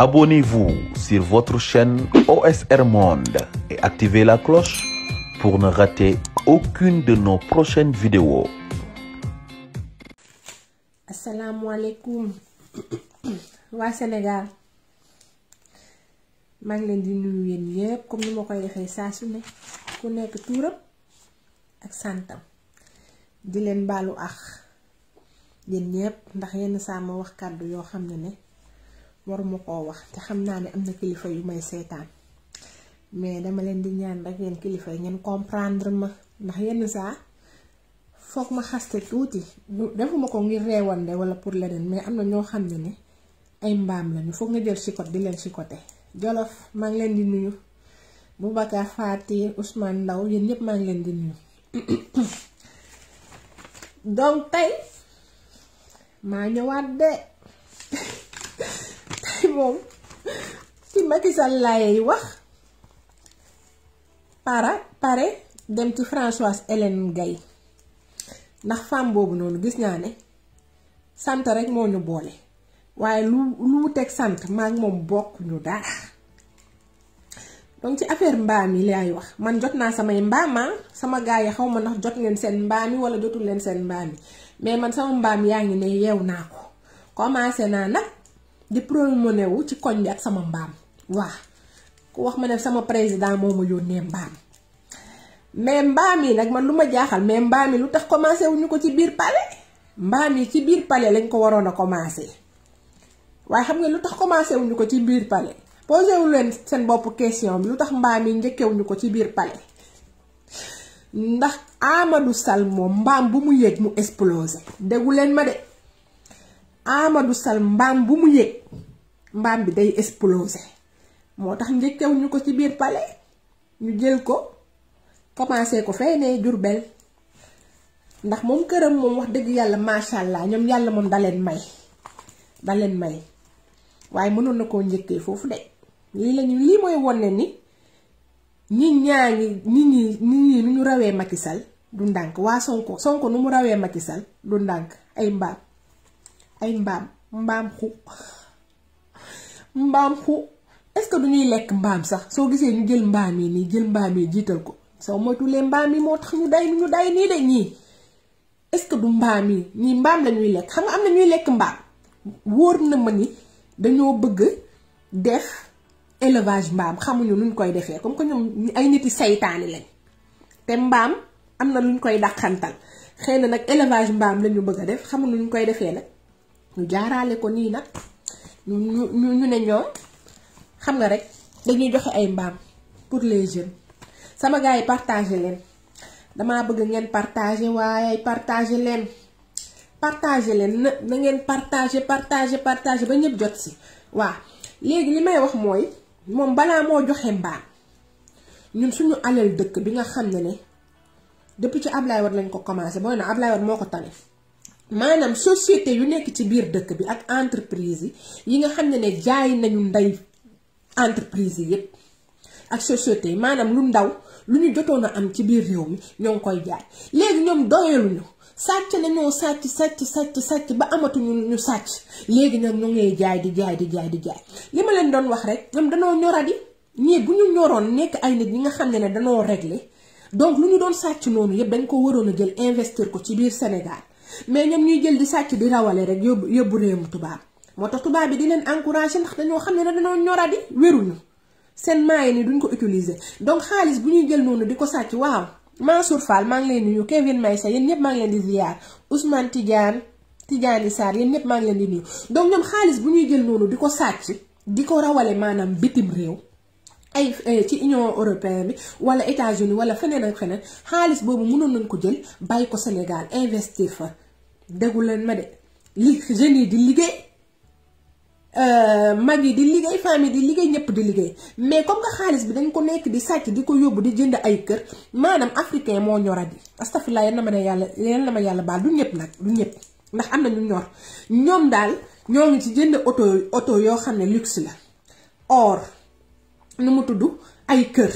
Abonnez-vous sur votre chaîne OSR Monde et activez la cloche pour ne rater aucune de nos prochaines vidéos. asalaamualeykum waa Sénégal maa ngi leen di nuyu yéen yépp comme ni ma koy defee saa su ne ku nekk tuuram ak santam di leen baalu ax yéen ñépp ndax yenn saa ma wax kàddu yoo xam ne ne. waruma koo wax te xam naa ne am na kilifa yu may seetaan mais dama leen di ñaan rek yéen kilifa yi ngeen comprendre ma ndax yenn saa foog ma xaste tuuti defuma ko ngir reewande wala pour leneen mais am na ñoo xam ne ni ay mbaam lañu foog nga jël chicote di leen chicoté Jolof maa ngi leen di nuyu bu Boubacar Fati Ousmane Ndaw yéen ñëpp maa ngi leen di nuyu donc tey maa ñëwaat de. moom ci Macky Sall wax para pare dem ci Françoise Hélène Gaye ndax femme boobu noonu gis naa ne sant rek moo ñu boole waaye lu lu mu teg sant maa ngi bokk bokkuñu dara donc ci affaire mbaam yi laay wax man jot naa samay ma ah, sama gars yi xaw ma ndax jot ngeen seen mbaam yi wala jotul leen seen mbaam yi mais man sama mbaam yaa ngi ne yeew naa ko commencé naa nag di promené newu ci koñ bi ak sama mbaam waa ku wax ma ne sama président moo ma yónnee mbaam mais mbaam yi nag man lu ma jaaxal mais mbaam yi lu tax commencé wuñu ko ci biir palais mbaam yi ci biir palais lañ ko waroon a commencé waaye xam nga lu tax commencé wuñu ko ci biir palais posé leen seen bopp question bi lu tax mbaam yi njëkkewuñu ko ci biir palais ndax Amadou sal moom mbaam bu mu yéeg mu explosé déggu leen ma de. Amadou Sall mbaam bu mu yéeg mbaam bi day exploser moo tax njëkkew ñu ko ci biir palais ñu jël ko commencé ko fay ne Jurbel ndax moom këram moom wax dëgg yàlla macha allah ñoom yàlla moom daleen may daleen may waaye mënoon na koo njëkkee foofu de lii lañu lii mooy wone ni ñi ñaa ngi nit ñi nit ñi nu ñu rawee Macky Sall du ndànk waa Sonko Sonko nu mu rawee Macky Sall du ndànk ay mbaam ay mbaam mbaam xu mbaam xu est-ce que du ñuy lekk mbaam sax soo gisee ñu jël mbaam yi nii jël mbaam yi jiital ko soo moytuwulee mbaam yi moo tax ñu day ñu day nii de ñii est-ce que du mbaam yi nii mbaam la ñuy lekk xam nga am na ñuy lekk mbaam wóor na ma ni dañoo bëgg def élevage mbaam xamuñu nuñ koy defee comme que ñoom ay niti seytaane lañ te mbaam am na luñ koy dàqantal xëy na nag élevage mbaam la ñu bëgg a def xamuñu nuñ koy defee nag. ñu jaaraale ko nii nag ñu ñu ñu ne ñoom xam nga rek dañuy joxe ay mbaam pour les jeunes sama gars yi partagé leen damaa bëgg ngeen partagé waaye partagé leen partagé leen na na ngeen partagé partagé partagé ba ñëpp jot si waa léegi li may wax mooy moom balaa moo joxe mbaam ñun suñu alal dëkk bi nga xam ne ne depuis ci Ablaye Wade lañ ko commencé booy na Ablaye war moo ko tane maanaam société yu nekk ci biir dëkk bi ak entreprise yi yi nga xam ne ne jaay nañu ndey entreprise yi yëpp ak société yi maanaam lu ndaw lu ñu jotoon a am ci biir yow mi ñoo ngi koy jaay léegi ñoom doyaluñu sàcc nañoo sàcc sàcc sàcc sàcc ba amatuñu ñu sàcc léegi ñoom ñoo ngay jaay di jaay di jaay di jaay li ma leen doon wax rek ñoom danoo ñoradi ñii bu ñu ñoroon nekk ay nit ñi nga xam ne ne danoo réglé donc lu ñu doon sàcc noonu yëpp dañ ko waroon a jël investir ko ci biir Sénégal mais ñoom ñuy jël di sàcc di rawale rek yóbbu yóbbu réew mu tubaab moo tax tubaab bi di leen encouragé ndax dañoo xam ne dañoo ñoradi wéruñu seen maay ni duñ ko utiliser donc xaalis bu ñuy jël noonu di ko sàcc waaw Mansour Fall maa ngi leen nuyu Kevin Maysa yéen ñëpp maa ngi leen di ziar Ousmane Tidiane Tidiane Sarr yéen ñëpp maa ngi leen di nuyu donc ñoom xaalis bu ñuy jël noonu di ko sàcc di ko rawale maanaam bitim réew. ay eh, ci union européenne bi wala États-Unis wala feneen ak feneen xaalis boobu mënoon nañ ko jël bàyyi ko Sénégal investir fa déggu leen ma de li jeunes yi di liggéey euh, mag yi di liggéey femmes yi di liggéey ñëpp di liggéey mais comme que xaalis bi dañ ko nekk di sàcc di ko yóbbu di jënd ay kër maanaam africain moo ñoradi astafurlah yéen na ma ne yàlla yéen na ma yàlla baal du ñëpp nag du ñëpp ndax am na ñu ñor ñoom daal ñoo ngi ci jënd oto oto yoo xam ne luxe la or nu mu tudd ay kër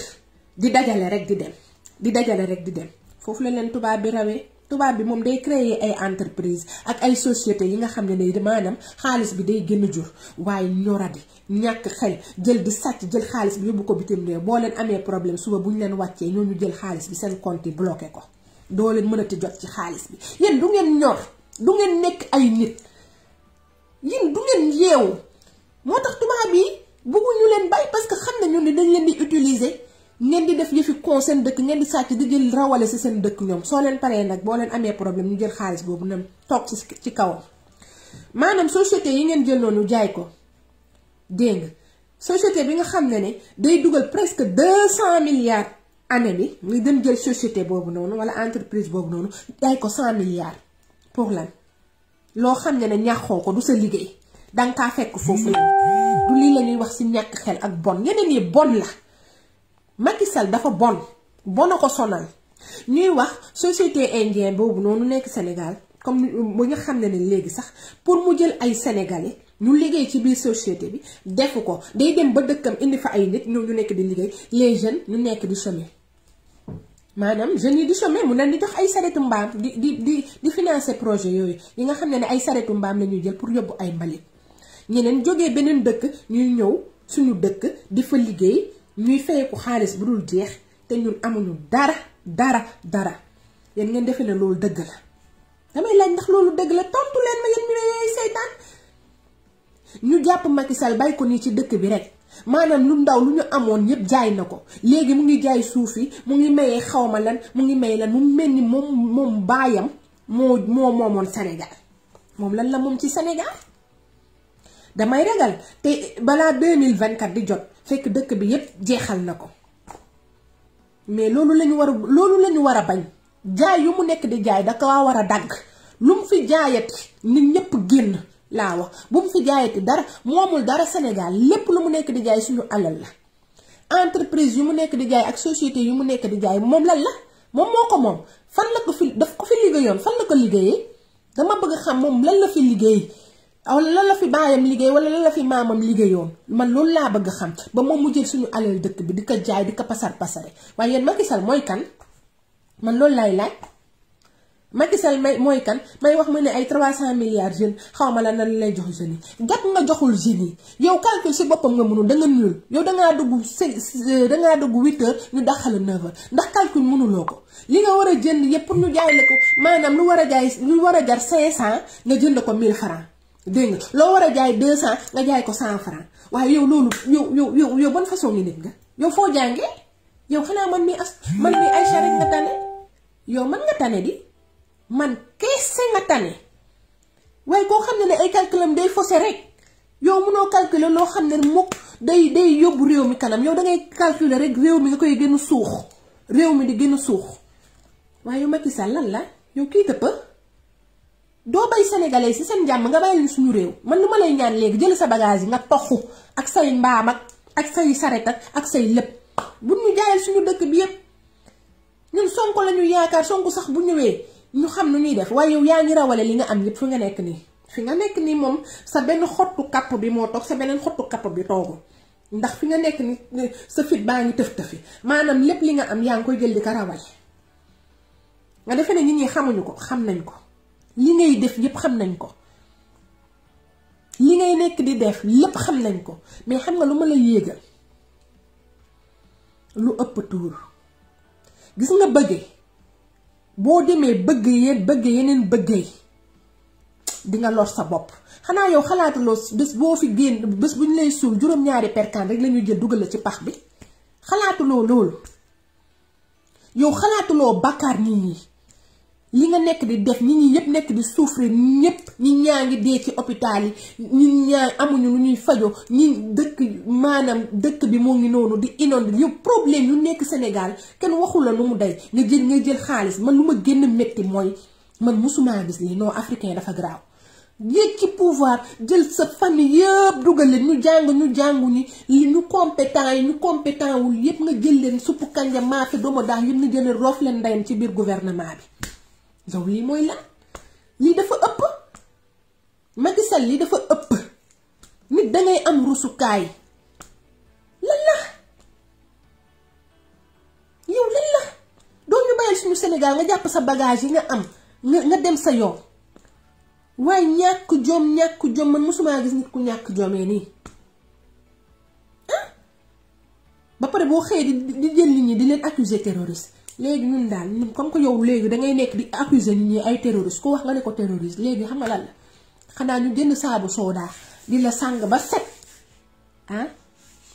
di dajale rek di dem di dajale rek di dem foofu la leen tubaab bi rawee. tubaab bi moom day créer ay entreprise ak ay société yi nga xam ne ne maanaam xaalis bi day gën a jur waaye ñoradi ñàkk xel jël di sàcc jël xaalis bi yóbbu ko bitim réew boo leen amee problème suba bu ñu leen wàccee ñoo ñu jël xaalis bi seen compte yi ko doo leen mënati jot ci xaalis bi yéen du ngeen ñor du ngeen nekk ay nit yéen du ngeen yeewu moo tax tubaab yi bëgguñu leen bay parce que xam nañu ne dañ leen di utiliser ngeen di def yëfi kon seen dëkk ngeen di sàcc di jël rawale si seen dëkk ñoom soo leen paree nag boo leen amee problème ñu jël xaalis boobu nam toog ci ci kawam maanaam société yi ngeen jël noonu jaay ko dégg nga société bi nga xam ne ni day dugal presque deux cent milliards année bi muy gën jël société boobu noonu wala entreprise boobu noonu jaay ko cent milliards pour la loo xam ne ne ñàkkoo ko du sa liggéey danga kaa fekk foofu la du lii la wax si ñàkk xel ak bon yeneen yi bon Macky Sall dafa bon bon na ko sonal ñuy wax société indienne boobu noonu nekk Sénégal comme bu nga xam ne ne léegi sax pour mu jël ay sénégalais ñu liggéey ci biir société bi defu ko day dem ba dëkkam indi fa ay nit ñoom ñu nekk di liggéey les jeunes ñu nekk di chômer maanaam jeunes yi di chômer mu leen di jox ay saretu mbaam di di di di financer projet yooyu yi nga xam ne ne ay saretu mbaam la ñuy jël pour yóbbu ay mbalit ñeneen jógee beneen dëkk ñuy ñëw suñu dëkk di fa liggéey. ñuy fayeeku xaalis bu dul jeex te ñun amuñu dara dara dara yéen ngeen defee ne loolu dëgg la damay laaj ndax loolu dëgg la tontu leen ma yéen ñu ne yaay seytaan ñu jàpp Macky Sall bàyyi ko nii ci dëkk bi rek maanaam lu ndaw lu ñu amoon yëpp jaay na ko léegi mu ngi jaay suuf yi mu ngi mayee ma lan mu ngi mayee lan mu mel ni moom moom baayam moo moo moomoon Sénégal moom lan la moom ci Sénégal damay ragal te balaa 2024 di jot fekk dëkk bi yépp jeexal na ko mais loolu lañu war a loolu lañu war a bañ jaay yu mu nekk di jaay da ko war a dagg lu mu fi jaayati nit ñépp génn laa wax bu mu fi jaayati dara moomul dara Sénégal lépp lu mu nekk di jaay suñu alal la entreprise yu mu nekk di jaay ak société yu mu nekk di jaay moom lan la moom moo ko moom fan la ko fi daf ko fi liggéeyoon fan la ko liggéeyee dama bëgg xam moom lan la fi liggéey aw lan la fi baayam liggéey wala lan la fi maamam liggéeyoon man loolu laa bëgg xam ba moom mu jël suñu alal dëkk bi di ko jaay di ko pasar pasare waaye yéen Macky Sall mooy kan man loolu laay laaj Macky Sall may mooy kan may wax mu ne ay 300 milliards jeunes xaw ma la na lay jox sa yi gàtt nga joxul jeunes yi yow calcul si boppam nga mënul da nga yow da ngaa dugg six da ngaa dugg 8 heures ñu daxal 9 heures ndax calcul mënuloo ko li nga war a yëpp pour ñu jaay la ko lu war a jaay lu war a jar 500 nga jënd ko 1000 francs dégg loo war a jaay deux cent nga jaay ko cent franc waaye yow loolu yow yow yow yow ban façon ngi nit nga yow foo jàngee yow xanaa man mi as man mi ay charette nga tane yow man nga tane di man kese nga tane waaye koo xam ne ne ay calculam day faussé rek yow mënoo calculer loo xam ne mukk day day yóbbu réew mi kanam yow da ngay calculer rek réew mi nga koy gën a suux réew mi di gën a suux waaye yu Macky Sall lan la yow kii dëppa doo bay sénégalais si seen jàmm nga bàyyi leen suñu réew man lu ma lay ñaan léegi jël sa bagage yi nga toxu ak say mbaam ak ak say saret ak say lépp bu ñu jaayal suñu dëkk bi yépp ñun sonko la yaakaar sonko sax bu ñëwee ñu xam nu ñuy def waaye yow yaa ngi rawale li nga am yépp fi nga nekk nii fi nga nekk nii moom sa benn xottu kapp moo toog sa beneen xottu kapp bi toogu ndax fi nga nekk ni sa fit baa ngi tëf tëfi maanaam lépp li nga am yaa ngi koy jël di ko rawale nga defe ne nit ñi xamuñu ko xam nañ ko li ngay def yépp xam nañ ko li ngay nekk di def lépp xam nañ ko mais xam nga lu ma la yéegal lu ëpp tuur gis nga bëggee boo demee bëgg yéen yeneen bëggee yi dinga lor sa bopp xanaa yow xalaatuloo bés boo fi génn bés bu ñu lay suul juróom-ñaari perkaan rek la ñuy jël dugal la ci pax bi xalaatuloo loolu yow xalaatuloo bàkkaar nit ñi li nga nekk di def ñi ñi yëpp nekk di souffrir ñëpp ñi ñaa ngi dee ci hôpital yi ñi ñaa amuñu lu ñuy fajo ñi dëkk maanaam dëkk bi moo ngi noonu di inondé yu problème yu nekk Sénégal kenn waxu la lu mu day nga jël nga jël xaalis man ma génn métti mooy man musuma gis lii non dafa garaaw yéeg ci pouvoir jël sa famille yëpp dugale ñu jàng ñu jàngu ñi li ñu compétent yi ñu compétent wul yëpp nga jël leen suppu kanja maafe doomu daax yëpp nga jël roof leen ndeyam ci biir gouvernement bi yow lii mooy lan lii dafa ëpp Macky Sall lii dafa ëpp nit dangay am rusukaay lan la yow lan doo ñu bàyyil suñu Sénégal nga jàpp sa bagage yi nga am nga nga dem sa yoon waaye ñàkk jom ñàkk jom man mosumaa gis nit ku ñàkk jomee nii ah? ba pare boo xëyee di di jël nit ñi di leen accuser terroriste léegi ñun daal ñun comme que yow léegi dangay nekk di accuser ñi ay terroriste ko wax nga ne ko terroriste léegi xam nga lan la xanaa ñu jënd saabu soodaa di la sàng ba set ah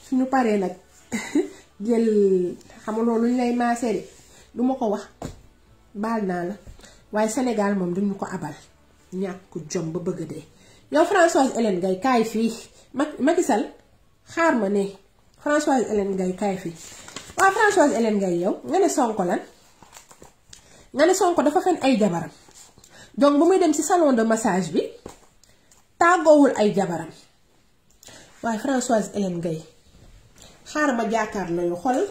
suñu paree nag jël xam nga loolu ñu lay maasee de ma ko wax baal naa la waaye Sénégal moom duñu ko abal ñàkk jom ba bëgg dee yow Françoise Hélène Gaye kaay fii Macky Sall xaar ma ne Françoise Hélène Gaye kaay fii waaw Françoise Hélène ngay yow nga ne Sonko lan nga ne Sonko dafa xen ay jabaram donc bu muy dem ci salon de massage bi tàggoowul ay jabaram waaye Françoise Hélène Gaye xaaral ma jàkkaarloo yow xoolal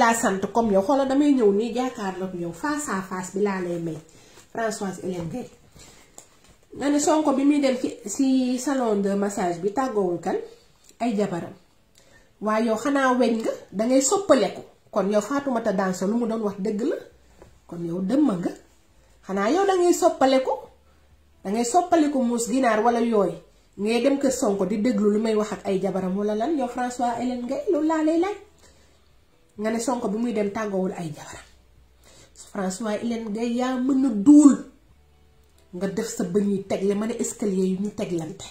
laa sant comme yow xoolal damay ñëw nii jàkkaarloo yow face à face bi laa Sonko bi muy dem ci ci salon de massage bi tàggoowul kan ay jabaram. waaye yow xanaa weñ nga dangay soppaleku kon yow Fatoumata Danso lu mu doon wax dëgg la kon yow dëmm nga xanaa yow dangay soppaleku dangay soppaleku muus ginaar wala yooyu ngay dem kër Sonko di déglu lu may wax ak ay jabaram wala lan yow François Hélène Gueye loolu laa lay laaj nga ne Sonko bi muy dem tàggoowul ay jabaram François Hélène Gueye yaa mën na duul nga def sa bëñ yi tegle ma ne escalier yu ñu teglante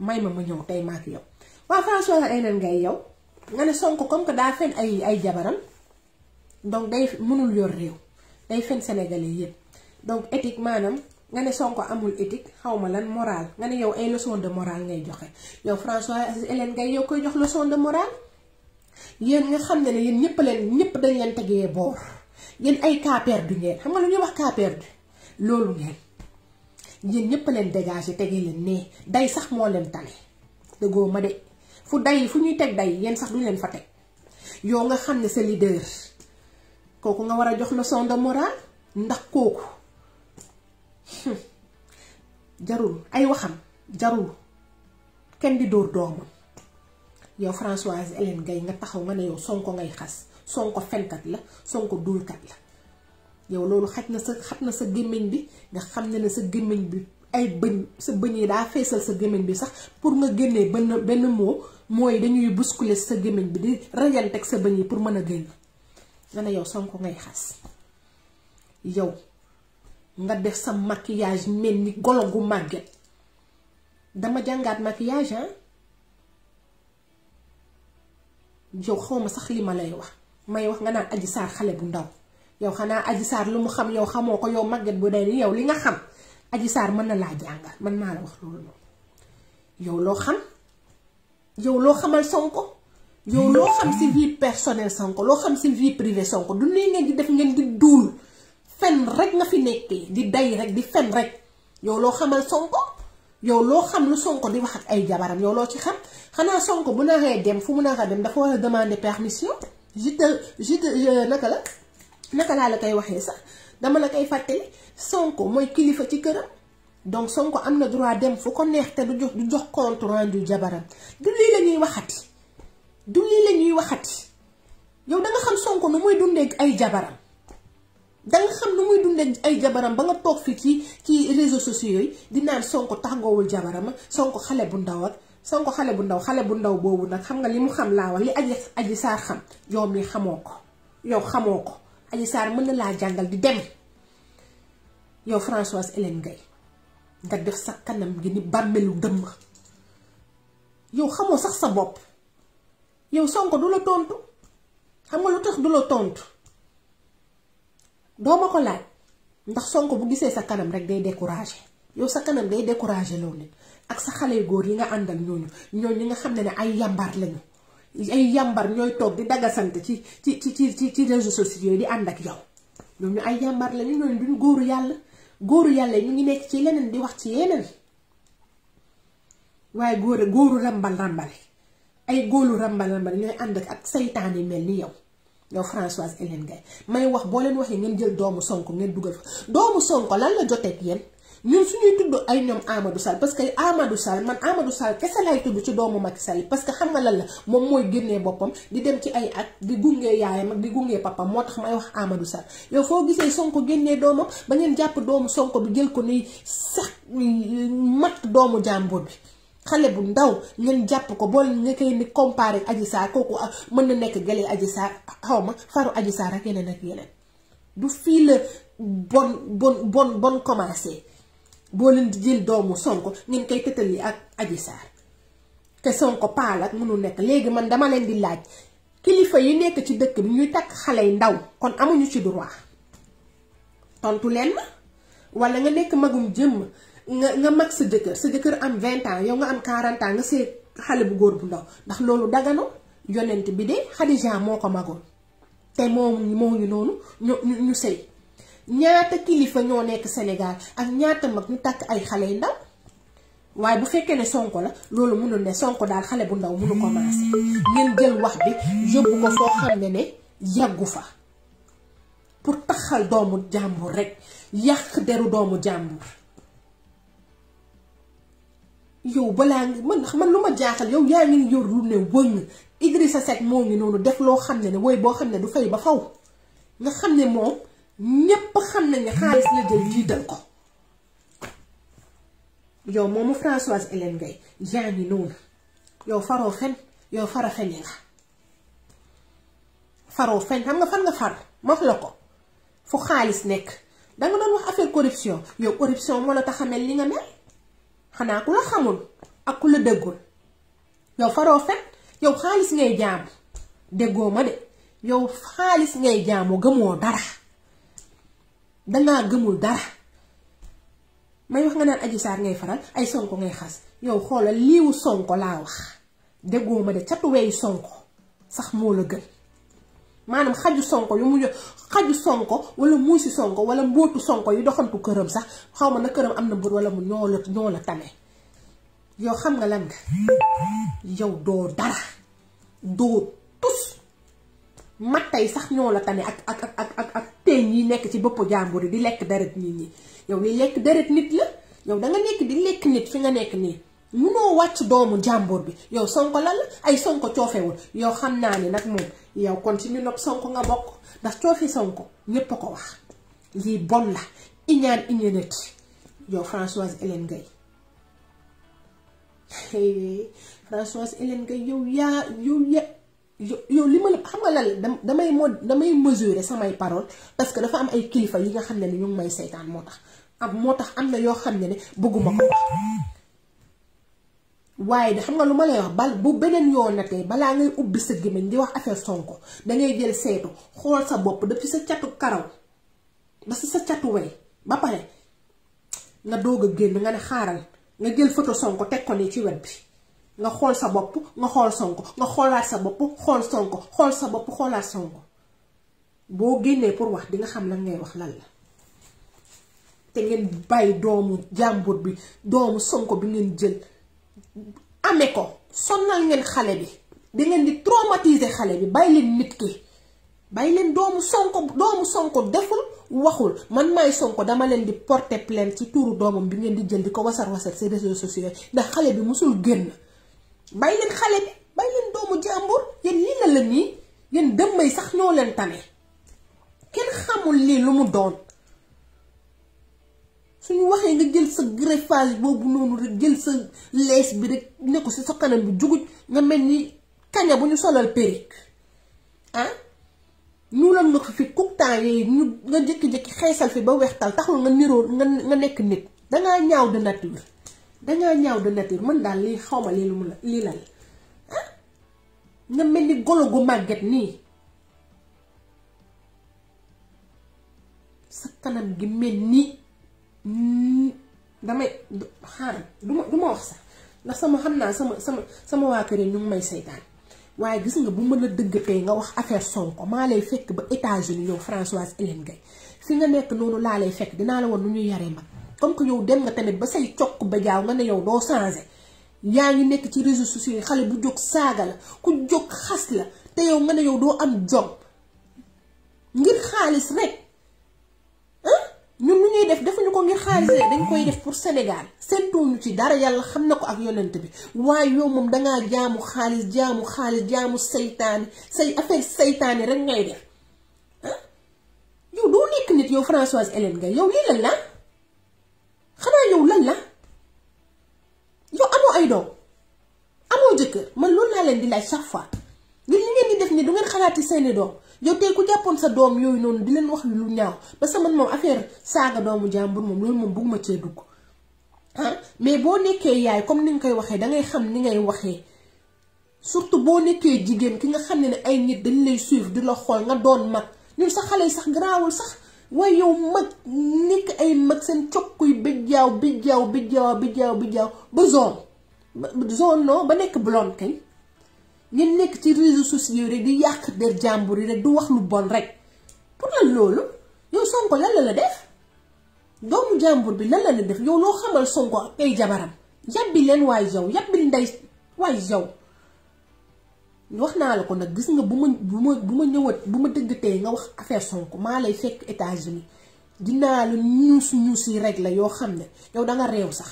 may ma ma ñëw tey ma ak yow. waaw François Hélène ngay yow nga ne Sonko comme que daa fen ay ay jabaram donc day mënul yor réew day fen sénégalais yépp donc éthique maanaam nga ne Sonko amul éthique xaw ma lan morale nga ne yow ay leçon de morale ngay joxe yow François Hélène Gaye yow koy jox leçon de morale yéen nga xam ne ne ñëpp leen ñëpp dañ leen tegee boor yéen ay cas perdu ngeen xam nga lu wax cas perdu loolu ngeen yéen ñëpp leen dégagé tegee nee day sax moo leen tane dëggoo ma de. fu day fu ñuy teg day yéen sax duñ leen fa teg yow nga xam ne sa leader kooku nga war a jox leçon de morale ndax kooku hmm, jarul ay waxam jarul kenn di dóor doomam yow Françoise Hélène Gaye nga taxaw nga ne yow Sonko ngay xas Sonko fenkat la Sonko dulkat la yow loolu xaj na sa xat na sa gémmiñ bi nga xam ne ne sa gémmiñ bi ay bëñ sa bëñ yi daa feesal sa gémmiñ bi sax pour nga génnee benn benn moo mooy dañuy bousculer sa gémmiñ bi di rajanteeg sa bëñ yi pour mën a génn nga ne yow Sonko ngay xas yow nga def sa maquillage mel ni golo gu màgget dama jàngaat maquillage ah yow xawma sax li lay wax may wax nga naan Adji Sarr xale bu ndaw yow xanaa Adji Sarr lu mu xam yow xamoo ko yow màgget bu day ni yow li nga xam Adji Sarr mën na laa jàngal man maa la wax loolu moom yow loo xam yow loo xamal Sonko yow loo xam si vie personnelle Sonko loo xam si vie privée Sonko du ne ngeen di def ngeen di duul fen rek nga fi nekkee di day rek di fen rek yow loo xamal Sonko yow loo xam lu Sonko di wax ak ay jabaram yow loo ci xam xanaa Sonko bu naree dem fu mu naree dem dafa war a demander permission je te euh, naka la naka laa la koy waxee sax. dama la koy fàttali Sonko mooy kilifa ci këram donc Sonko am na droit dem fu ko neex te du jox du jox compte rendu jabaram du lii lañuy ñuy waxati du lii la ñuy waxati yow da xam Sonko nu muy dundee ay jabaram da xam nu muy dundee ay jabaram ba nga toog fi ci ci réseaux sociaux yi di naan Sonko tàggoowul jabaram Sonko xale bu ndaw ak Sonko xale bu ndaw xale bu ndaw boobu nag xam nga li mu xam laa wax li aji aji saar xam yow mi xamoo ko yow xamoo ko. Adji Sarr mën na laa jàngal di dem yow Françoise Hélène Gaye nga def sa kanam gi ni bàmmeelu dëmm yow xamoo sax sa bopp yow Sonko du la tontu xam nga lu tax du la tontu doo ma ko laaj ndax Sonko bu gisee sa kanam rek day découragé yow sa kanam day découragé loolu nit ak sa xale yu góor yi nga àndal ñooñu ñooñu nga xam ne ne ay yàmbaar lañu. ay yàmbar ñooy toog di dagasante ci ci ci ci ci réseaux sociaux yooyu di ànd ak yow ñoom ñu ay yàmbar la ñu noonu duñ góoru yàlla góoru yàlla ñu ngi nekk ci leneen di wax ci yeneen waaye góor góoru rambal rambale ay góolu rambal rambale ñooy ànd ak saytaan yi mel ni yow yow Françoise Hélène Gaye may wax boo leen waxee ngeen jël doomu Sonko ngeen dugal fa doomu Sonko lan la jotee ak ñun suñuy tudd ay ñoom Amadou Sall parce que Amadou Sall man Amadou Sall kese lay tudd ci doomu Macky Sall parce que xam nga lan la moom mooy génnee boppam di dem ci ay at di gunge yaayam ak di gunge papam moo tax may wax Amadou Sall yow foo gisee Sonko génnee doomam ba ngeen jàpp doomu Sonko bi jël ko ni sax mat doomu jàmbur bi xale bu ndaw ngeen jàpp ko boole nga koy ni comparé ak Adji Sarr mën na nekk gëlee Adji Sarr xaw ma faru Adji Sarr ak yeneen ak yeneen du fii la bon bon bon bon boo leen di jël doomu Sonko ngeen koy yi ak Adji Sarr te Sonko paal ak mënul nekk léegi man dama leen di laaj kilifa yi nekk ci dëkk bi ñuy takk xale yi ndaw kon amuñu ci droit tontu leen ma wala nga nekk magum jëmm nga nga mag sa jëkkër sa jëkkër am vingt ans yow nga am 40 ans nga see xale bu góor bu ndaw ndax loolu dagano yonent bi de Xadija moo ko magoon te moom moo ngi noonu ñu ñu sëy ñaata kilifa ñoo nekk Sénégal ak ñaata mag ñu takk ay xale yi ndaw waaye bu fekkee ne sonko la loolu mënul ne sonko daal xale bu ndaw mënu commencé ngeen jël wax bi yóbbu ko foo xam ne ne yàggu fa pour taxal doomu jàmbur rek yàq deru doomu jàmbur yow balaa ngi man man lu ma jaaxal yow yaa ngi yor lu ne wëñ Idrissa Seck moo ngi noonu def loo xam ne ne woy boo xam ne du fay ba xaw nga xam ne moom ñépp xam nañ ne xaalis la jël jiital ko yow moomu Françoise Hélène Gaye yaa noonu yow faroo fen yow fara feni nga faroo fen la ko fu xaalis nekk danga doon wax affaire corruption yow corruption moo la mel li nga mel xanaa ku la xamul la déggul yow faroo fen yow xaalis ngay jaamu déggoo ma de yow xaalis ngay jaamu gëmoo dara dangaa gëmul dara may wax nga naan Adji ngay faral ay sonko ngay xas yow xoolal liiwu sonko laa wax déggoo ma de catuweeyu sonko sax moo la gën maanaam xaju sonko yu mu xaju sonko wala muusi sonko wala mbootu sonko yu doxantu këram sax xaw ma na këram am na mbër wala mu ñoo la ñoo la tame yow xam nga lan nga yow doo dara doo tus matta yi sax ñoo la tane ak ak ak ak teeñ yi nekk ci boppu jàmbur yi di lekk deret nit ñi yow li lekk deret nit la yow da nekk di lekk nit fi nga nekk nii munoo wàcc doomu jàmbur bi yow sonko lan la ay sonko coofewul yow xam naa ni nag moom yow kon ci ñu nag sonko nga bokk ndax coofe sonko ñépp a ko wax lii bon la iñaan iñanati yow Françoise Hélène Gueye Françoise yaa yow yaa yow li ma la xam nga lan damay mo damay mesurer samay parole parce que dafa am ay kilifa yi nga xam ne ni ñu ngi may seytaan moo tax am moo tax am na yoo xam ne ne bëgguma ko waaye da xam nga lu ma lay wax bal bu beneen yoo natee balaa ngay ubbi sa gémmiñ di wax affaire Sonko dangay jël seetu xool sa bopp depuis sa catu karaw ba si sa catu way ba pare nga doog a génn nga ne xaaral nga jël photo Sonko teg ko nii ci wet bi nga xool sa bopp nga xool Sonko nga xoolaat sa bopp xool Sonko xool sa bopp xoolaat Sonko boo génnee pour wax di nga xam nag ngay wax lan la te ngeen bàyyi doomu jàmbur bi doomu Sonko bi ngeen jël amee ko sonnal ngeen xale bi da ngeen di traumatiser xale bi bàyyi leen nit ki bàyyi leen doomu Sonko doomu Sonko deful waxul man maay Sonko dama leen di porter plainte ci tuuru doomam bi ngeen di jël di ko wasar wasar ci réseaux sociaux ndax xale bi musul génn bàyyi leen xale bi bàyyi leen doomu jàmbur yéen lii la la nii yéen dëmbay sax ñoo leen tane kenn xamul lii lu mu doon suñu waxee nga jël sa greffage boobu noonu rek jël sa lees bi rek ne ko si sa kanam bi juguj nga mel ni kaña bu ñu solal perruque ah ñu lan nga ko fi kuktaan yi ñu nga jëkki-jëkki xeesal fi ba wextal taxul nga niroo nga nga nekk nit dangaa ñaaw de nature dangaa ñaaw de nature mën daal lii xaw ma lii lu la lii lal ah nga mel ni golo gu màgget nii sa kanam gi mel nii mm, damay xaar ma du ma wax sax ndax sama xam naa sama sama sama waa kër yi ñu ngi may seytaan waaye gis nga bu mën a dëggatee nga wax affaire ko maa lay fekk ba États-Unis yow Françoise Hélène Gaye fi nga nekk noonu laa lay fekk dinaa la woon nu ñuy yaree mag comme que yow dem nga tamit ba say cokk ba jaaw nga ne yow doo changer yaa ngi nekk ci réseaux sociaux yi xale bu jóg saaga la ku jóg xas la te yow nga ne yow doo am jom ngir xaalis def defuñu ko ngir def pour Sénégal séntuwuñu ci dara yàlla xam na ko ak yonent bi waaye yow moom dangaa jaamu xaalis jaamu xaalis jaamu saytaani say affaire saytaani yow doo nekk nit yow Françoise Hélène nga yow lii la la xanaa yow lan la yow amoo ay doom amoo jëkkër man lool laa leen di laaj chaque fois ngir li ngeen di def ni du ngeen xalaati seeni doom yow tey ku jàppoon sa doom yooyu noonu di leen wax lu ñaaw parce que man moom affaire saaga doomu jàmbur moom loolu moom bëgguma cee dugg ah mais boo nekkee yaay comme ni nga koy waxee da ngay xam ni ngay waxee surtout boo nekkee jigéen ki nga xam ne ne ay nit dañ lay suivre di la xool nga doon mag ñun sax xale yi sax garaawul sax. waaye yow mag nekk ay mag seen cokkuy bijjaaw bijjaaw bijjaaw bijjaaw bijjaaw ba zone zone non ba nekk blonde kay ngeen nekk ci réseaux sociaux rek di yàq de jàmbur yi du wax lu bon rek pour lan loolu yow Sonko lan la la def doomu jàmbur bi lan la la def yow loo xamal Sonko ak ay jabaram yàbbi leen waay yow yàbbi ndey waay yow wax naa la ko nag gis nga bu ma bu ma bu ma ñëwaat bu ma dëggatee nga wax affaire Sonko maa lay fekk États-Unis dinaa la ñuus ñuus yi rek la yoo xam ne yow da nga sax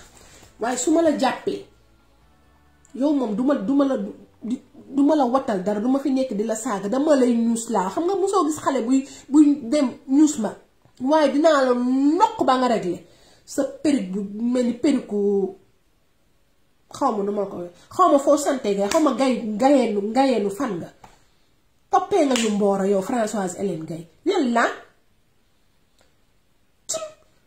waaye su ma la jàppee yow moom duma ma du ma la du ma la wattal dara du ma fi nekk di la saaga dama lay ñuus laa xam nga mosoo gis xale buy buy dem ñuus ma waaye dinaa la nokk ba nga réglé sa périg bu mel ni périku xaw ma nu ma ko xaw ma foo sante gay xaw ma gay ngayeenu ngayeenu fan nga toppee nga ñu mbooro yow Françoise Hélène Gaye lan la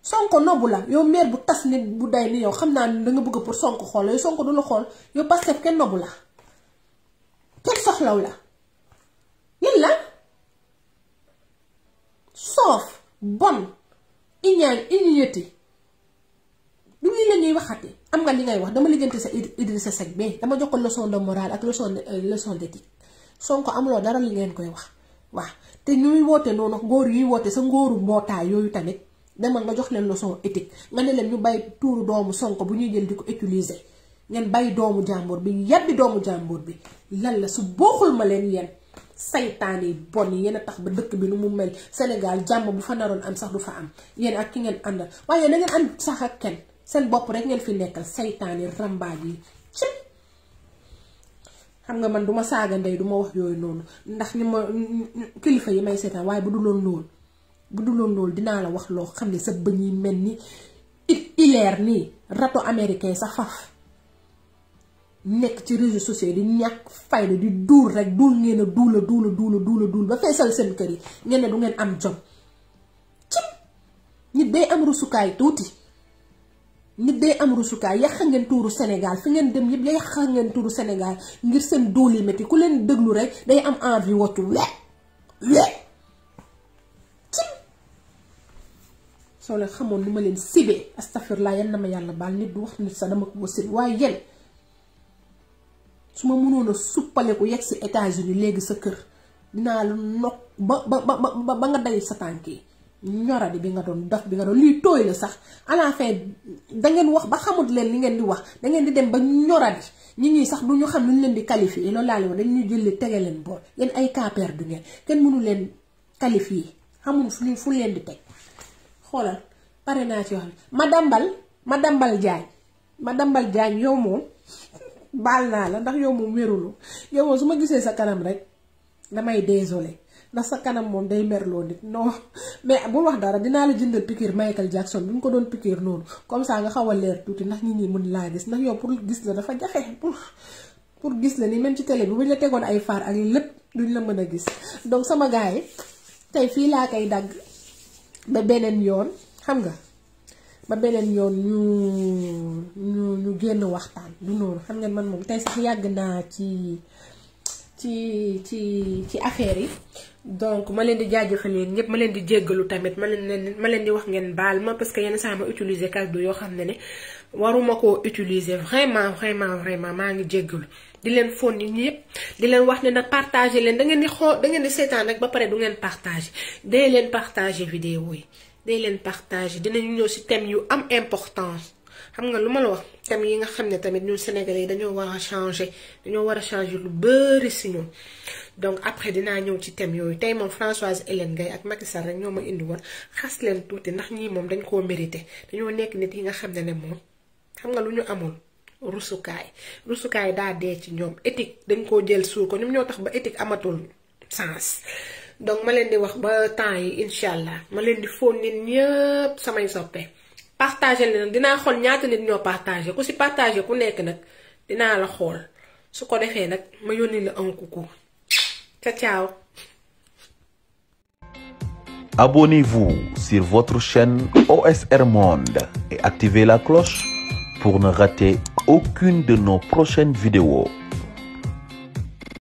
sonko nobbu la yow meer bu tas nit bu day ni yow xam naa ni danga bëgg pour sonko xool yow sonko du la xool yow Pastef kenn nobbu la kenn soxlaw la lan la soof bon iñaan iññeeti du lii la ñuy am nga li ngay wax dama lijjanti sa Idrissa Seck bi dama jox ko leçon de morale ak leçon euh, leçon d'éthique Sonko amuloo dara li ngeen koy wax waa te ñuy woote noonu ngóor yuy woote sa ngóoru mbootaay yooyu tamit demal nga jox leen leçon éthique nga ne leen ñu bàyyi tuuru doomu Sonko bu ñuy jël di ko utiliser ngeen bàyyi doomu jàmbur bi yàbbi doomu jàmbur bi lan la su booxul ma leen yéen saytaan yi bon yi yéen a tax ba dëkk bi nu mu mel Sénégal jàmm bu fa naroon am sax du fa am yéen ak ki ngeen àndal waaye na ngeen ànd sax ak seen bopp rek ngeen fi nekkal saytaani rambaaj yi ci xam nga man duma saaga ndey duma wax yooyu noonu ndax ni ma kilifa yi may seetaan waaye bu duloon loolu bu duloon loolu dinaa la wax loo xam ne sa bëñ yi mel ni it ileer nii rato américain sa faf nekk ci réseaux sociaux di ñàkk fayda di duul rek duul ngeen duula duula duula duula duula duul ba feesal seen kër yi ngeen ne du ngeen am jom ci nit day am rusukaay tuuti nit day am rusukaay yàq ngeen tuuru Sénégal fi ngeen dem yëpp yàq ngeen tuuru Sénégal ngir seen doole métti ku leen déglu rek day am envie wocc we we cim soo leen xamoon nu ma leen sibee astafirlaa yan na ma yàlla baal nit du wax nit sax dama ko ma sib waaye yéen su ma mënoon a yegg si États-Unis léegi sa kër dinaa la nokk ba ba ba ba nga day sa tànk yi ñoradi bi nga doon dof bi nga doon luy tooy la sax à dangeen wax ba xamut leen li ngeen di wax dangeen di dem ba ñoradi nit ñi sax du ñu xam lu ñu leen di qualifier loolu laa leen wax dañu ñu jël leen ay cas perdu ngeen kenn mënu leen qualifier xamul fu fu leen di teg xoolal pare naa ci wax ma dambal ma dambal jaañ ma dambal jaañ yow moom baal naa la ndax yow moom wérulu yow moom su ma gisee sa kanam rek damay désolé. ndax sa kanam moom day merloo nit non mais bul wax dara dinaa la jëndal piqûre Michael Jackson bu ñu ko doon piqûre noonu comme ça nga xaw a leer tuuti ndax nit ñi mën laa gis ndax yow pour gis la dafa jafe pour pour gis la nii même ci télé bi bu ñu la tegoon ay faar ak lépp duñ la mën a gis donc sama gars tey fii laa koy dagg ba beneen yoon xam nga ba beneen yoon ñu ñu ñu génn waxtaan du noonu xam nga man moom tey sax yàgg naa ci. ci ci ci affaire yi donc ma leen di jaajëfal yéen ñëpp ma leen di jéggalu tamit ma leen ma leen di wax ngeen baal ma parce que yenn saa ma utiliser kàddu yoo xam ne ne waruma ko utiliser vraiment vraiment vraiment maa ngi jéggalu di leen fon yi ñëpp di leen wax ne nag partager leen da ngeen di xool da ngeen di seetaan rek ba pare du ngeen partager dee leen partager vidéo yi dee leen partager dinañu ñëw ci yu am importance. xam nga lu ma la wax thèmes yi nga xam ne tamit ñu sénégalais yi dañoo war a changer dañoo war a changer lu bëri si ñun donc après dinaa ñëw ci thèmes yooyu tey moom Françoise Hélène Gaye ak Macky rek ñoo ma indi woon xas leen tuuti ndax ñii moom dañ koo mérité dañoo nekk nit yi nga xam ne ne moom xam nga lu ñu amul rusukaay rusukaay daa dee ci ñoom éthique dañ koo jël suur ko ñoom ñoo tax ba éthique amatul sens donc ma leen di wax ba temps yi incha allah ma leen di fóon nit samay soppe partagé leen dinaa xool ñaata nit ñoo partagé ku si partagé ku nekk nag dinaa la xool su ko defee nag ma yónni la un coucou ca ciao. Abonnez-vous sur votre chaîne OSR Monde et activez la cloche pour ne rater aucune de nos prochaines vidéos.